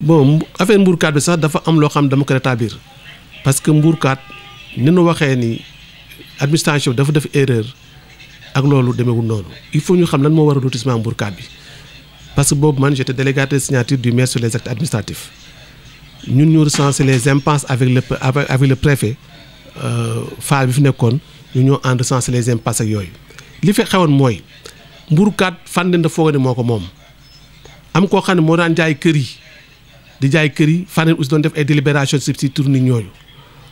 bon affaire mbuurkaat bi sax dafa am loo xam dama ko rétablir parce que mbuurkaat ni nu waxee ni administration dafa def erreur ak loolu demeewul noonu il faut ñu xam lan moo war a lotissement mbuurkaat bi parce que boobu man j'étais délégataire de signature du maire sur les actes ñun ñu recensé les impasses avec le avec le préfet faar euh, bi fi nekkoon ñu ñoo en recensé les impasses ak yooyu li fi xewoon mooy mbuurkaat fànn dafa foog moo ko moom am koo xam ne moo daan jaay kër yi. di jaay kër yi Fandène aussi doon def ay délibération si si tourni ñooñu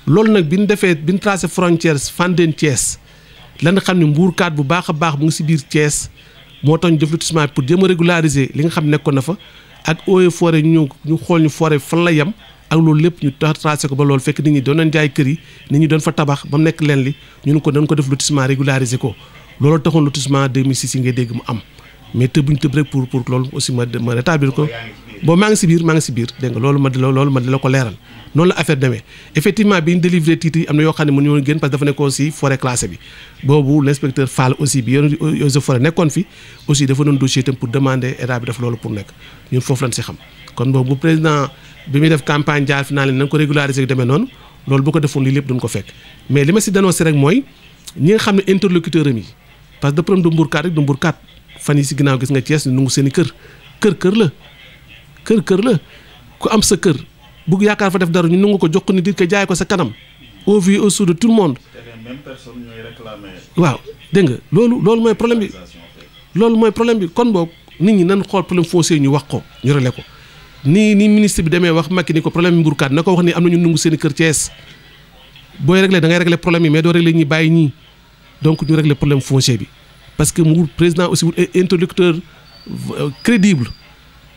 loolu nag bi ñu defee bi ñu tracé frontière Fandène Thiès lan xam ne kaat bu baax a baax mu ngi si biir cees moo tax ñu def lotissement pour jéem a li nga xam nekkoon na fa ak eaux et forêt ñu ñu xool ñu forêt fan la yem ak loolu lépp ñu tracé ko ba loolu fekk nit ñi doon nañ jaay kër yi nit ñi doon fa tabax ba nekk leen li ñun ko dañ ko def lotissement régulariser ko loolu taxoon lotissement 2006 yi ngay dégg mu am mais tëb bu ñu tëb rek pour pour loolu aussi ma ma rétablir ko. boobu maa ngi si biir maa ngi si biir dégg nga loolu ma loolu la ko leeral noonu la affaire demee effectivement bi ñu délivré titre yi am na yoo xam ne mënuñu woon génn parce que dafa nekkoon si pour naa leen nañ ko régulariser demee noonu loolu bu ko defoon ko fekk mais li ma si am yi parce que de problème du mbourkat rek du mbourkat fan yi si ginnaaw gis nga Thiès nungu seen i kër kër kër la kër kër la ku am sa kër bugg yaakaar fa def dara ñu nangu ko jox ko ni dit ko jaay ko sa kanam au vu et au su de tout waaw dégg nga loolu loolu mooy problème bi loolu mooy problème bi kon boobu nit ñi nan xool problème foncier ñu wax ko ñu rele ko nii ni ministre bi demee wax Macky ni ko problème mburkaat na ko wax ni am na ñu nangu seen i kër Thiès booy réglé da ngay réglé problème yi mais doo réglé ñi bàyyi ñii donc ñu réglé problème foncier bi parce que mu président aussi wut interlocuteur euh, crédible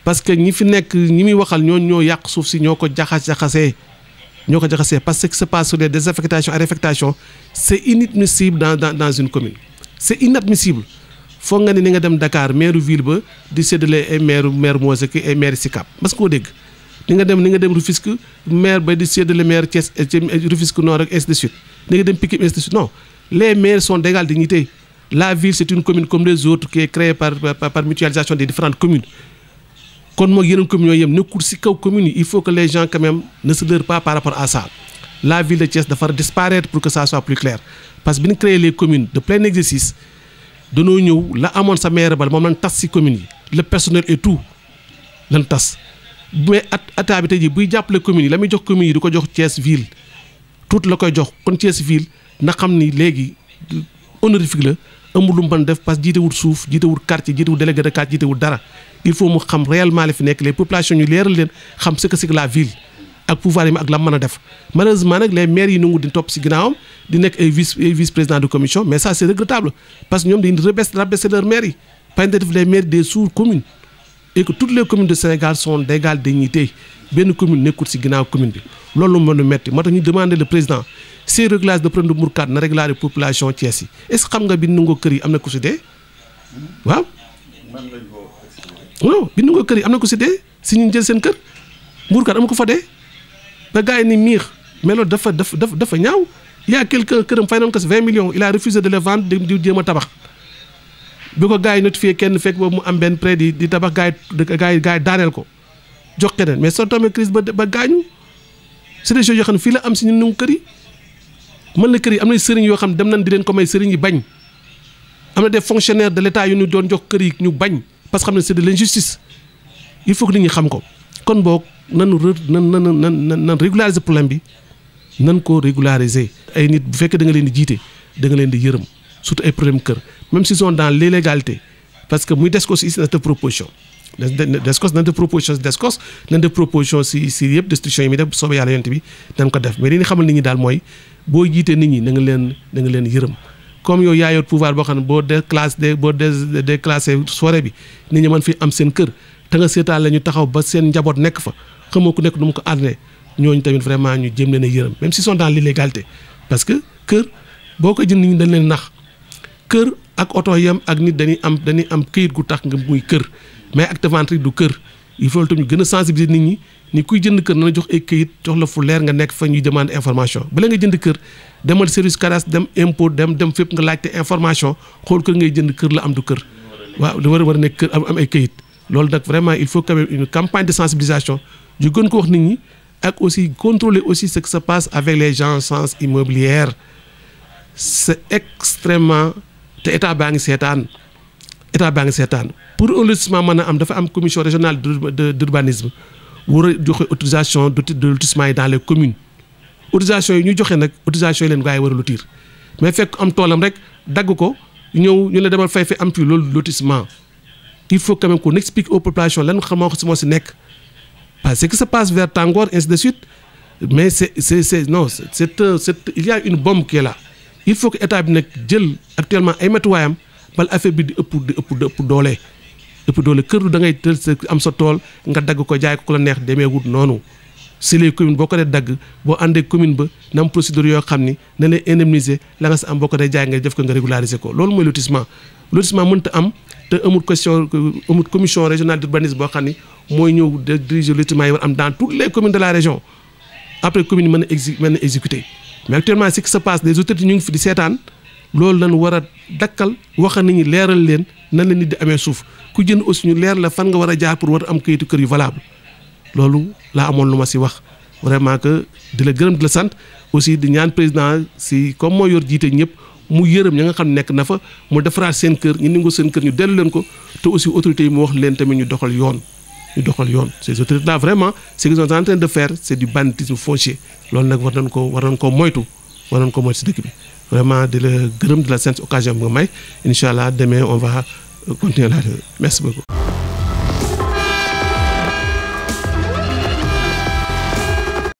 parce que ñi fi nekk ñi muy waxal ñoo ñoo yàq suuf si ñoo ko jaxas jaxasee ñoo ko jaxasee parce que ce qui se passe sur les désaffectations et réaffectations c' est inadmissible dans foog nga ne ni nga dem Dakar maire ville ba di séddale ay maire maire Mosek ay maire Sicap mas koo dégg ni nga dem ni nga dem Rufisque maire ba di séddale maire Thiès eh, eh, Rufisque Nord ak est de Sud ni dem Pikine est de Sud non les maires sont d'égale dignité la ville c' est une commune comme kon moo yeneen communes yooyu yëpp nekkul si kaw commune yi il faut que les gens quand même ne se leurrent pas par rapport à ça la ville de Thiès dafa disparaître pour que ça soit plus clair parce que bi ñu créé de plein exercice danoo ñëw la amoon sa maire bal moom lañ tas si communes yi le personnel et tout lañ tas mais at ataa bi jii buy jàppale communes yi la muy jox communes yi du ko jox Thiès ville tout la koy jox kon Thiès ville na xam ni léegi honorifique la amul lu mu mën def parce que suuf jiitewul quartier jiitewul délégué de quartier dara il faut mu xam réellement li fi nekk les populations ñu leeral leen xam ce que ville ak pouvoir yi ak la mën a def malheureusement nag les maires yi nangu di topp si ginnaawam di nekk ay vice ay vice président de commission mais ça c'est regrettable parce que ñoom dañuy rabaisser rabaisser leur maires yi par exemple def les maires des sous-communes et que toutes les communes de Sénégal sont d'égale dignité benn commune nekkul si ginnaaw commune bi loolu moo ñu metti moo tax ñu demander le président ces réglages de prendre de Mourkat na waaw bindu nga kër yi am na ko si dee si ñu jël seen kër mbuurkat am ko fa dee ba gars yi ni miix mais loolu dafa dafa dafa ñaaw y a quelqu'un këram fay nañ ko si 20 millions il a refusé de les di jéem tabax bi ko gars yi fee kenn fekk boobu mu am benn prêt di di tabax gars yi yi gars yi daaneel ko jox keneen mais soo tombee crise ba ba gaañu c'est des yoo xam ne fii la am si ñun ñu kër yi mën na kër yi am na sëriñ yoo xam ne dem nañ di leen ko may sëriñ yi bañ am na des fonctionnaires de l'état yu ñu doon jox kër yi ñu bañ parce que xam ne c'est de l'injustice il faut que nit ñi xam ko kon boog nanu nan nan nan nan nan régulariser problème bi nan ko régulariser ay nit bu fekkee da nga leen di jiite da nga leen di yërëm surtout ay problème kër même s'ils sont dans l'illégalité parce que muy DSCOS is na def proposition DSCOS nan def proposition si DSCOS nan def proposition si si yëpp yi mi def soobee yàlla yonent bi nan ko def mais li ñu xamal nit ñi daal mooy boo jiitee nit ñi na nga leen na nga leen yërëm comme yow yaa yor boo xam ne boo déclasse boo déclassé soirée bi ni ñu mën fi am seen kër te nga seetaan la ñu taxaw ba seen njaboot nekk fa xamoo ko nekk nu mu ko àndee ñooñu tamit vraiment ñu jëm leen a yërëm même si sont dans l'illégalité parce que kër boo ko jënd ñu dañ leen nax kër ak oto yam ak nit dañuy am dañuy am këyit gu tax nga muy kër mais acte vente du kër il faut tamit gën a sensibiliser nit ñi ni kuy jënd kër na jox ay këyit jox la fu leer nga nekk fa ñuy demande information bala nga jënd kër demal service cadastre dem impôt dem dem fépp nga laajte information xool kër ngay jënd kër la am du kër waaw lu war a war a kër am ay këyit loolu nag vraiment il faut quand même une campagne de sensibilisation ñu gën ko wax nit ñi ak aussi contrôler aussi ce qui se passe avec les gens agences immobilières c'est extrêmement te état baa ngi seetaan état baa ngi seetaan pour lotissement mën a am dafa am commission régionale d'urbanisme war a joxe autorisation de lotissement yi dans les communes autorisation yi ñu joxe nag autorisation yi leen gaa yi war a lotir mais fekk am toolam rek dagg ko ñëw ñu la demal fay fi am fii loolu lotissement il faut quand même qu'on explique aux populations lan xam moo si moo si nekk parce que ce qui se passe vers Tangor ainsi de suite mais c'est c'est c'est non c'est c'est une bombe qui est là il faut bi nag jël actuellement ay matuwaayam bala affaire bi di ëpp di ëpp di ëpp ëpp doole kër du da sa am sa tool nga dagg ko jaay ko ku la neex demee wut noonu si les communes boo ko dee dagg boo àndee commune ba na am procédure yoo xam ni na lay indemniser la nga sa am boo ko dee jaay nga def ko nga régulariser ko loolu mooy lotissement lotissement mënta am te amul question amul commission régionale d'urbanisme boo xam ni mooy ñëw de diriger lotissement yi war am dans toutes les communes région après commune yi mën a exé mën a loolu lañ war a dakkal wax a nit ñi leeral leen nan la nit di amee suuf ku jënd aussi ñu leer la fan nga war a jaar pour war a am kayitu kër yu valable loolu laa amoon lu ma si wax vraiment que di la gërëm di la sant aussi di ñaan président si comme mooy yor jiite ñëpp mu yërëm ña nga xam nekk na fa mu defaraat seen kër ñu ningoo seen kër ñu dellu leen ko te aussi autorité yi mu wax leen tamit ñu doxal yoon ñu doxal yoon ces autorités là vraiment ce qu'ils de faire c'est du banditisme foncier loolu nag war nañ ko war nañ moytu war nañ ko moytu si dëkk bi vraiment di la gërëm di la seen occasion bu nga may incha allah demain on va continuer la merci beaucoup.